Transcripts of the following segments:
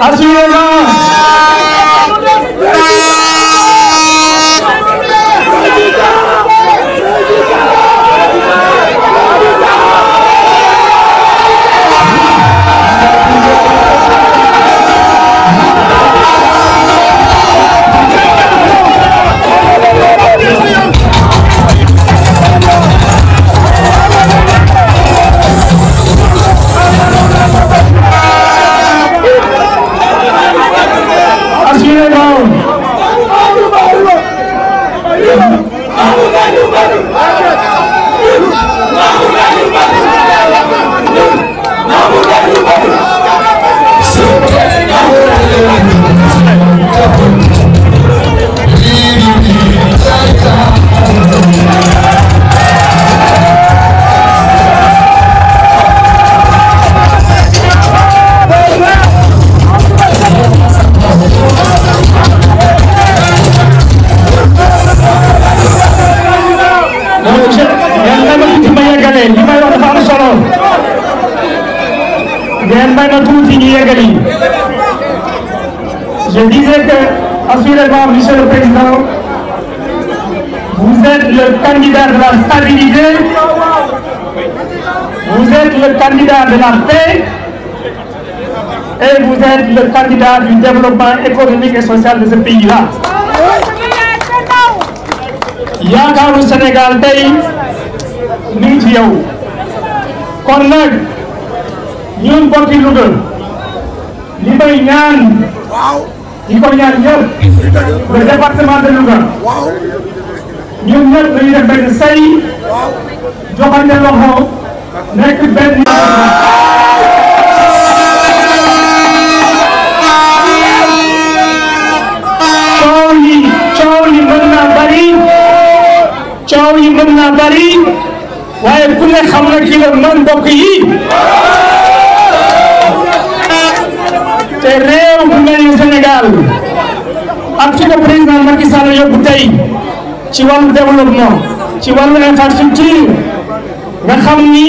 Así Yeah. je disais que assurément monsieur le président vous êtes le candidat de la stabilité vous êtes le candidat de la paix et vous êtes le candidat du développement économique et social de ce pays-là. Il Sénégal tey ñun bokki Louga li may ñaan di ko ñaan ñëpp le département de Louga ñun ñëpp dañuy def benn say joxante loxo nekk benn. coow yi coow yi mën naa bari coow yi mën naa bari waaye ku ne xam na ki la mën mbokk yi. Macky Sall yóbbu tey ci wàllu développement ci wàllu infrastructure nga xam ni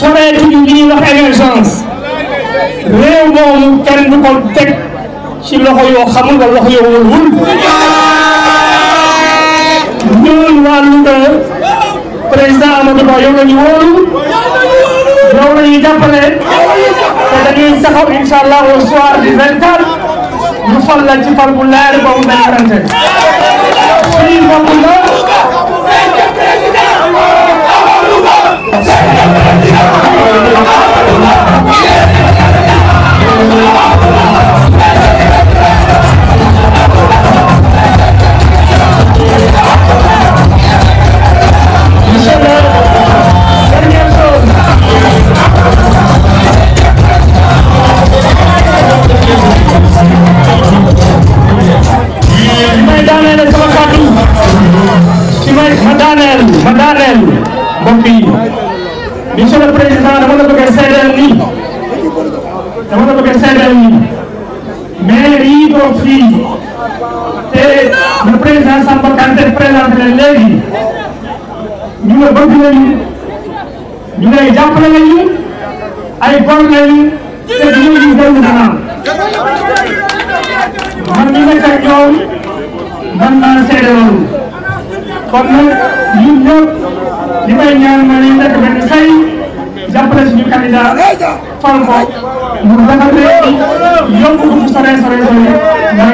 soreetuñu li ñuy wax émergence réew moomu kenn du ko teg ci loxo yoo xamul wala loxo yoo wóorul ñun waa Louga président Amadou Ba yow la ñu wóolu yow la ñu jàppale te dañuy taxaw incha allah au soir du 24. ñu fal la ci fal bu leer boobu day warante suñuy mbokk la. daaneel mbokk yi monsieur le président dama la bëgg a seedeel nii dama la bëgg a seedeel yi toog fii te le président Samba Kanté présenté leen léegi ñu nga bëgg nañu ñu ngay jàppale nañu ay góor nañu te dinañu ñu dellu gannaaw man mi nekk ak ñoom man maa seede loolu kon nag ñun ñëpp li may ñaan ma ne nekk benn say jàppale suñu candidat fal ko mu rafetee yóbbu ko mu soree soree soree